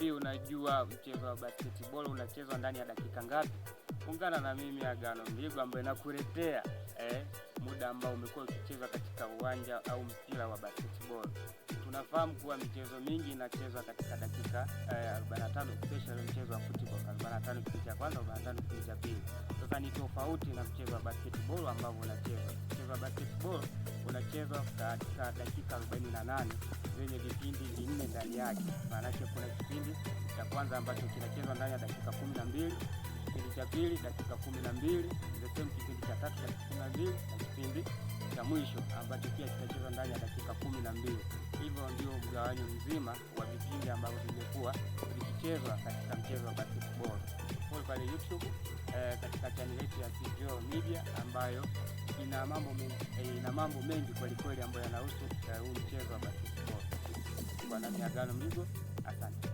Vipi, unajua mchezo wa basketball unachezwa ndani ya dakika ngapi? Ungana na mimi Agano Mligo ambaye nakuletea eh, muda ambao umekuwa ukicheza katika uwanja au mpira wa basketball. Tunafahamu kuwa michezo mingi inachezwa katika dakika eh, 45 especially mchezo wa football 45 kipindi cha kwanza, 45 kipindi cha pili. Sasa ni tofauti na mchezo wa basketball ambao unachezwa. Mchezo wa basketball unachezwa katika dakika 48 zenye vipindi vinne yake. Maana yake kuna kipindi cha kwanza ambacho kinachezwa ndani ya dakika kumi na mbili, kipindi cha pili dakika kumi na mbili, kipindi cha tatu dakika kumi na mbili na kipindi cha mwisho ambacho pia kinachezwa ndani ya dakika kumi na mbili. Hivyo ndio mgawanyo mzima wa vipindi ambavyo vimekuwa vikichezwa katika mchezo wa basketball pale YouTube eh, katika channel yetu ya Kijoo Media ambayo ina mambo mengi, eh, ina mambo mengi kwelikweli ambayo yanahusu eh, huu eh, mchezo wa basketball kwa nami Agano Mligo, asante.